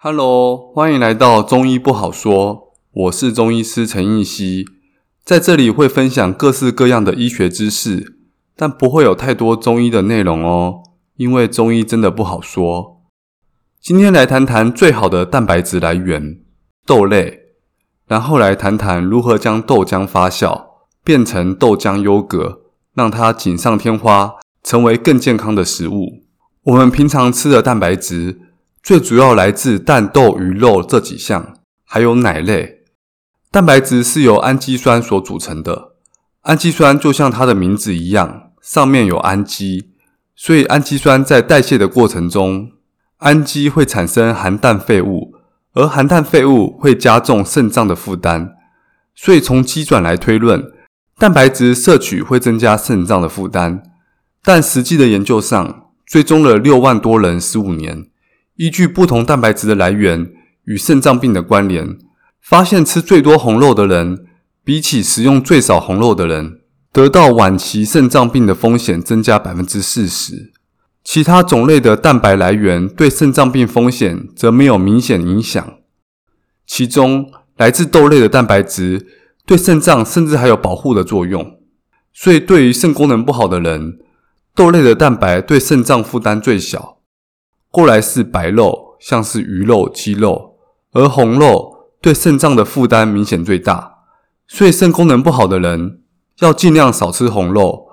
Hello，歡迎來到中醫不好說。我是中醫師陳奕希。在這裡會分享各式各樣的醫學知識，但不會有太多中醫的內容哦，因為中醫真的不好說。今天來談談最好的蛋白質來源，豆類，然後來談談如何將豆漿發酵變成豆漿優格，讓它錦上添花，成為更健康的食物。我們平常吃的蛋白質。最主要來自蛋、豆、魚肉這幾項，還有奶類。蛋白質是由氨基酸所組成的，氨基酸就像它的名字一樣，上面有氨基，所以氨基酸在代謝的過程中，氨基會產生含氮廢物，而含氮廢物會加重腎臟的負擔。所以從機轉來推論，蛋白質攝取會增加腎臟的負擔。但實際的研究上，追蹤了六萬多人十五年。依據不同蛋白質的來源與腎臟病的關聯，發現吃最多紅肉的人，比起食用最少紅肉的人，得到晚期腎臟病的風險增加百分之四十。其他種類的蛋白來源對腎臟病風險則沒有明顯影響。其中來自豆類的蛋白質對腎臟甚至還有保護的作用，所以對於腎功能不好的人，豆類的蛋白對腎臟負擔最小。過來是白肉，像是魚肉、雞肉，而紅肉對腎臟的負擔明顯最大，所以腎功能不好的人要儘量少吃紅肉。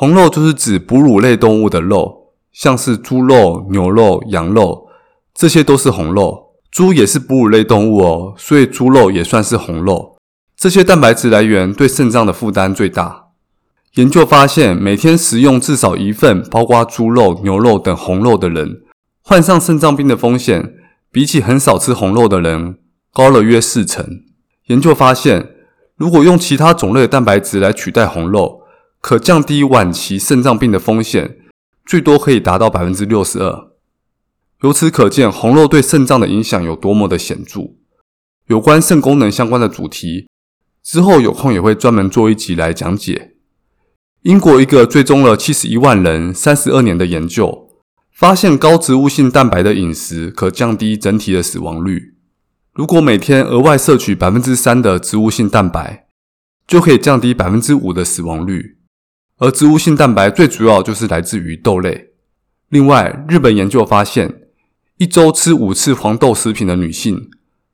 紅肉就是指哺乳類動物的肉，像是豬肉、牛肉、羊肉，這些都是紅肉。豬也是哺乳類動物哦，所以豬肉也算是紅肉。這些蛋白質來源對腎臟的負擔最大。研究發現，每天食用至少一份包括豬肉、牛肉等紅肉的人，患上腎臟病的風險，比起很少吃紅肉的人高了約四成。研究發現，如果用其他種類的蛋白質來取代紅肉，可降低晚期腎臟病的風險，最多可以達到百分之六十二。由此可見，紅肉對腎臟的影響有多麼的顯著。有關腎功能相關的主題，之後有空也會專門做一集來講解。英國一個追蹤了七十一萬人三十二年的研究。發現高植物性蛋白的飲食可降低整體的死亡率。如果每天額外攝取百分之三的植物性蛋白，就可以降低百分之五的死亡率。而植物性蛋白最主要就是來自於豆類。另外，日本研究發現，一周吃五次黃豆食品的女性，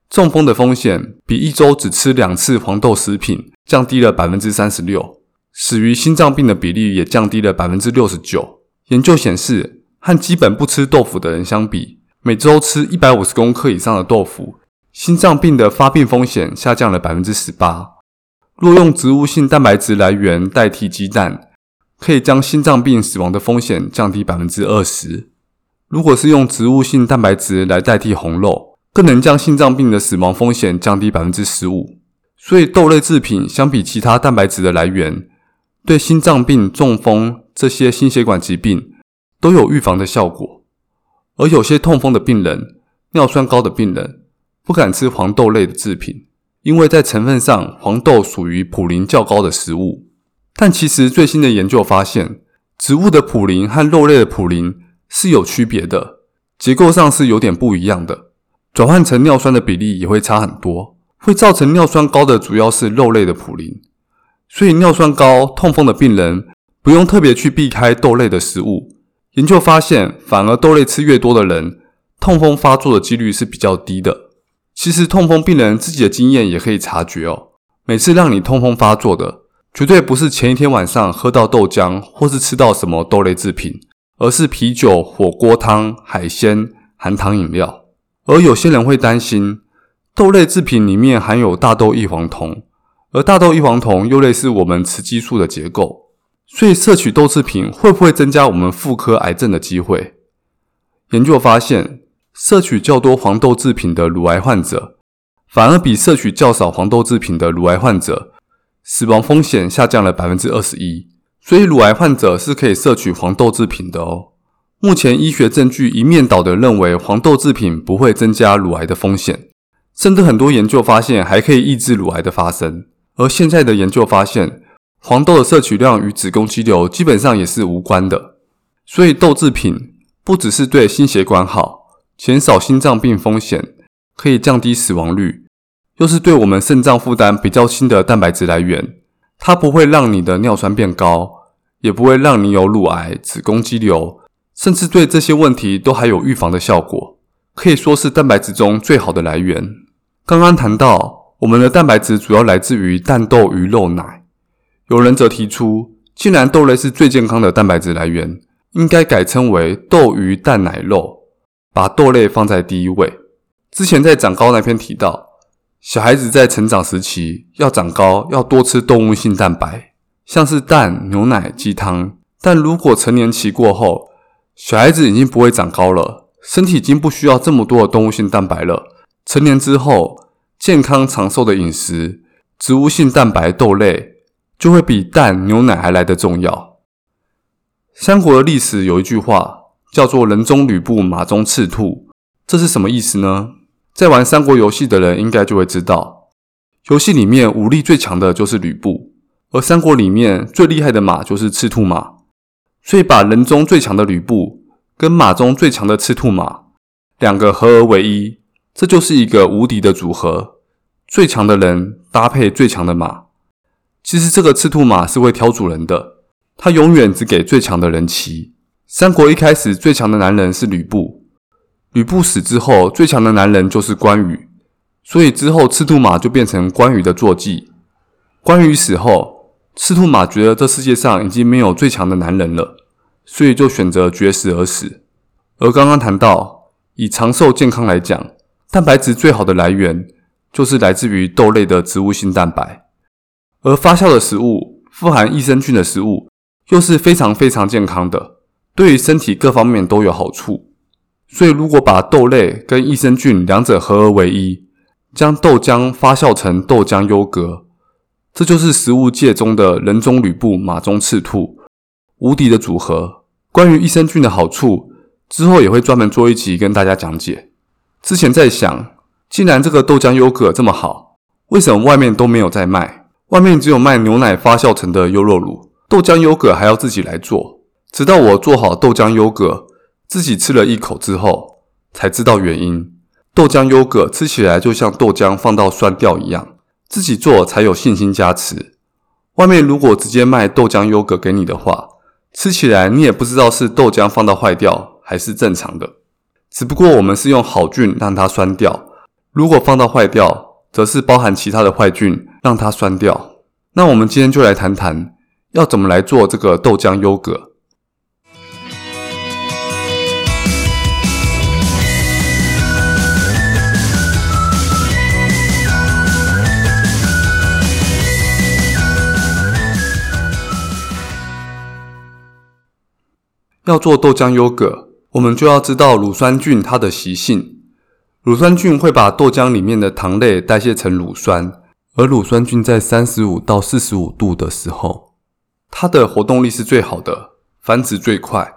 中風的風險比一周只吃兩次黃豆食品降低了百分之三十六，死於心臟病的比例也降低了百分之六十九。研究顯示。和基本不吃豆腐的人相比，每周吃一百五十公克以上的豆腐，心臟病的發病風險下降了百分之十八。若用植物性蛋白質來源代替雞蛋，可以將心臟病死亡的風險降低百分之二十。如果是用植物性蛋白質來代替紅肉，更能將心臟病的死亡風險降低百分之十五。所以豆類製品相比其他蛋白質的來源，對心臟病、中風這些心血管疾病，都有預防的效果，而有些痛風的病人、尿酸高的病人不敢吃黃豆類的製品，因為在成分上黃豆屬於普林較高的食物。但其實最新的研究發現，植物的普林和肉類的普林是有區別的，結構上是有點不一樣的，轉換成尿酸的比例也會差很多。會造成尿酸高的主要是肉類的普林，所以尿酸高痛風的病人不用特別去避開豆類的食物。研究發現，反而豆類吃越多的人，痛風發作的幾率是比較低的。其實，痛風病人自己的經驗也可以察覺哦。每次讓你痛風發作的，絕對不是前一天晚上喝到豆漿或是吃到什麼豆類製品，而是啤酒、火鍋湯、海鮮、含糖飲料。而有些人會擔心，豆類製品裡面含有大豆異黃酮，而大豆異黃酮又類似我們雌激素的結構。所以，攝取豆製品會不會增加我們婦科癌症的機會？研究發現，攝取較多黃豆製品的乳癌患者，反而比攝取較少黃豆製品的乳癌患者，死亡風險下降了百分之二十一。所以，乳癌患者是可以攝取黃豆製品的哦。目前醫學證據一面倒地認為黃豆製品不會增加乳癌的風險，甚至很多研究發現還可以抑制乳癌的發生。而現在的研究發現。黃豆的攝取量與子宮肌瘤基本上也是無關的，所以豆製品不只是對心血管好，減少心臟病風險，可以降低死亡率，又是對我們腎臟負擔比較輕的蛋白質來源。它不會讓你的尿酸變高，也不會讓你有乳癌、子宮肌瘤，甚至對這些問題都還有預防的效果，可以說是蛋白質中最好的來源。剛剛談到，我們的蛋白質主要來自於蛋、豆、魚、肉、奶。有人則提出，既然豆類是最健康的蛋白質來源，應該改稱為豆魚蛋奶肉，把豆類放在第一位。之前在長高那篇提到，小孩子在成長時期要長高，要多吃動物性蛋白，像是蛋、牛奶、雞湯。但如果成年期過後，小孩子已經不會長高了，身體已經不需要這麼多的動物性蛋白了。成年之後，健康長壽的飲食，植物性蛋白豆類，就會比蛋牛奶還來得重要。三國的歷史有一句話叫做“人中呂布，馬中赤兔”，這是什麼意思呢？在玩三國遊戲的人應該就會知道，遊戲裡面武力最強的就是呂布，而三國裡面最厲害的馬就是赤兔馬。所以把人中最強的呂布跟馬中最強的赤兔馬兩個合而為一，這就是一個無敵的組合。最強的人搭配最強的馬。其實這個赤兔馬是會挑主人的，它永遠只給最強的人騎。三國一開始最強的男人是呂布，呂布死之後最強的男人就是關羽，所以之後赤兔馬就變成關羽的坐騎。關羽死後，赤兔馬覺得這世界上已經沒有最強的男人了，所以就選擇絕食而死。而剛剛談到以長壽健康來講，蛋白質最好的來源就是來自於豆類的植物性蛋白。而發酵的食物，富含益生菌的食物，又是非常非常健康的，對於身體各方面都有好處。所以，如果把豆類跟益生菌兩者合而為一，將豆漿發酵成豆漿優格，這就是食物界中的人中呂布、馬中赤兔，無敵的組合。關於益生菌的好處，之後也會專門做一集跟大家講解。之前在想，既然這個豆漿優格這麼好，為什麼外面都沒有在賣？外面只有賣牛奶發酵成的優酪乳，豆漿優格還要自己來做。直到我做好豆漿優格，自己吃了一口之後，才知道原因。豆漿優格吃起來就像豆漿放到酸掉一樣，自己做才有信心加持。外面如果直接賣豆漿優格給你的話，吃起來你也不知道是豆漿放到壞掉還是正常的。只不過我們是用好菌讓它酸掉，如果放到壞掉。則是包含其他的壞菌，讓它酸掉。那我們今天就來談談，要怎麼來做這個豆漿優格。要做豆漿優格，我們就要知道乳酸菌它的習性。乳酸菌會把豆漿裡面的糖類代謝成乳酸，而乳酸菌在三十五到四十五度的時候，它的活動力是最好的，繁殖最快。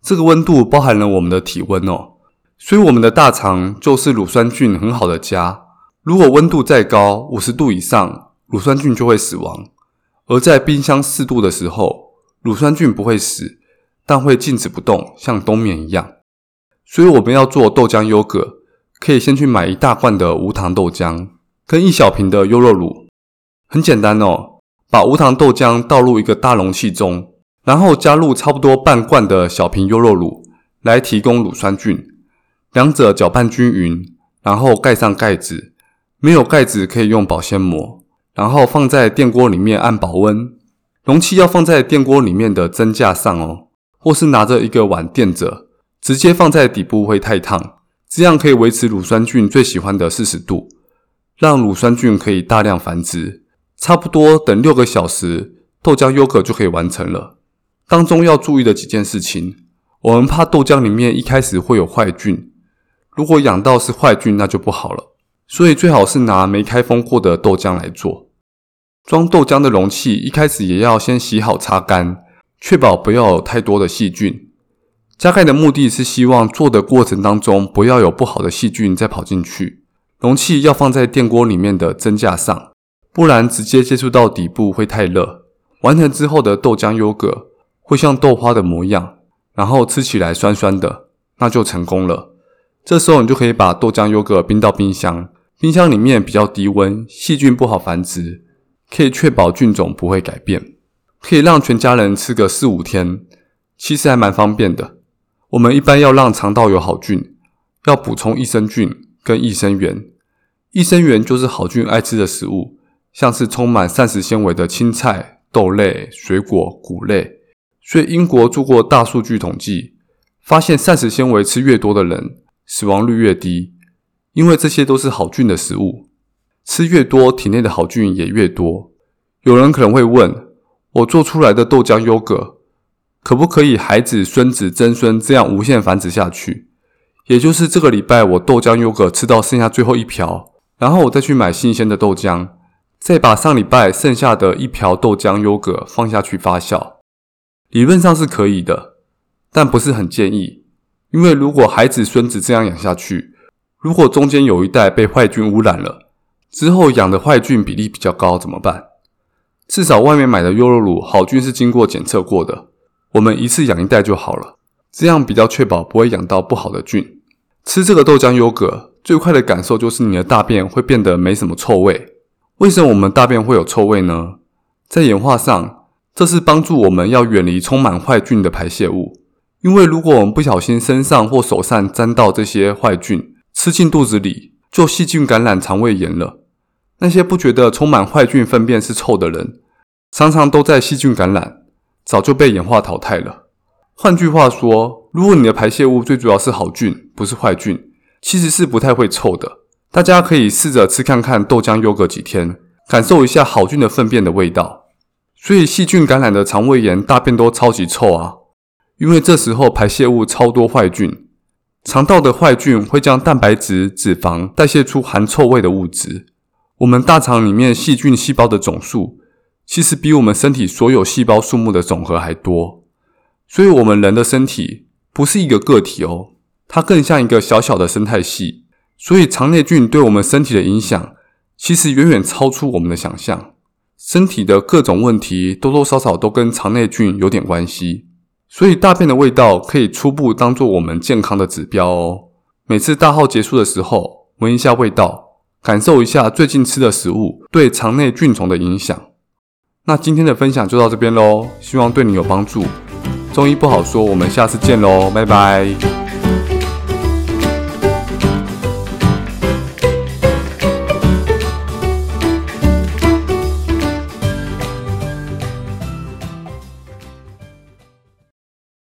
這個溫度包含了我們的體溫哦，所以我們的大腸就是乳酸菌很好的家。如果溫度再高，五十度以上，乳酸菌就會死亡。而在冰箱四度的時候，乳酸菌不會死，但會靜止不動，像冬眠一樣。所以我們要做豆漿優格，可以先去買一大罐的無糖豆漿，跟一小瓶的優酪乳。很簡單哦，把無糖豆漿倒入一個大容器中，然後加入差不多半罐的小瓶優酪乳來提供乳酸菌，兩者攪拌均勻，然後蓋上蓋子。沒有蓋子可以用保鮮膜，然後放在電鍋裡面按保溫。容器要放在電鍋裡面的蒸架上哦，或是拿着一個碗墊着，直接放在底部會太燙。這樣可以維持乳酸菌最喜歡的四十度，讓乳酸菌可以大量繁殖。差不多等六個小時，豆漿優格就可以完成了。當中要注意的幾件事情，我們怕豆漿裡面一開始會有壞菌，如果養到是壞菌，那就不好了。所以最好是拿沒開封過的豆漿來做。裝豆漿的容器一開始也要先洗好、擦乾，確保不要有太多的細菌。加蓋的目的是希望做的過程當中不要有不好的細菌再跑進去。容器要放在電鍋裡面的蒸架上，不然直接接觸到底部會太熱。完成之後的豆漿優格會像豆花的模樣，然後吃起來酸酸的，那就成功了。這時候你就可以把豆漿優格冰到冰箱，冰箱裡面比較低溫，細菌不好繁殖，可以確保菌種不會改變，可以讓全家人吃個四五天，其實還蠻方便的。我們一般要讓腸道有好菌，要補充益生菌跟益生元。益生元就是好菌愛吃的食物，像是充滿膳食纖維的青菜、豆類、水果、穀類。所以英國做過大數據統計，發現膳食纖維吃越多的人，死亡率越低，因為這些都是好菌的食物，吃越多，體內的好菌也越多。有人可能會問，我做出來的豆漿優格。可不可以孩子、孫子、曾孫這樣無限繁殖下去？也就是這個禮拜我豆漿優格吃到剩下最後一瓢，然後我再去買新鮮的豆漿，再把上禮拜剩下的一瓢豆漿優格放下去發酵。理論上是可以的，但不是很建議，因為如果孩子、孫子這樣養下去，如果中間有一代被壞菌污染了，之後養的壞菌比例比較高怎麼辦？至少外面買的優酪乳好菌是經過檢測過的。我們一次養一代就好了，這樣比較確保不會養到不好的菌。吃這個豆漿優格，最快的感受就是你的大便會變得沒什麼臭味。為什麼我們大便會有臭味呢？在演化上，這是幫助我們要遠離充滿壞菌的排泄物。因為如果我們不小心身上或手上沾到這些壞菌，吃進肚子裡，就細菌感染腸胃炎了。那些不覺得充滿壞菌、糞便是臭的人，常常都在細菌感染。早就被演化淘汰了。換句話說，如果你的排泄物最主要是好菌，不是壞菌，其實是不太會臭的。大家可以試着吃看看豆漿優格幾天，感受一下好菌的糞便的味道。所以細菌感染的腸胃炎，大便都超級臭啊，因為這時候排泄物超多壞菌，腸道的壞菌會將蛋白質、脂肪代謝出含臭味的物質。我們大腸裡面細菌細胞的總數，其實比我們身體所有細胞數目的總和還多，所以我們人的身體不是一個個體哦，它更像一個小小的生態系。所以腸內菌對我們身體的影響，其實遠遠超出我們的想象。身體的各種問題多多少少都跟腸內菌有點關係。所以大便的味道可以初步當做我們健康的指標哦。每次大號結束的時候，聞一下味道，感受一下最近吃的食物對腸內菌叢的影響。那今天的分享就到這邊嘍，希望對你有幫助。中醫不好說，我們下次見嘍，拜拜。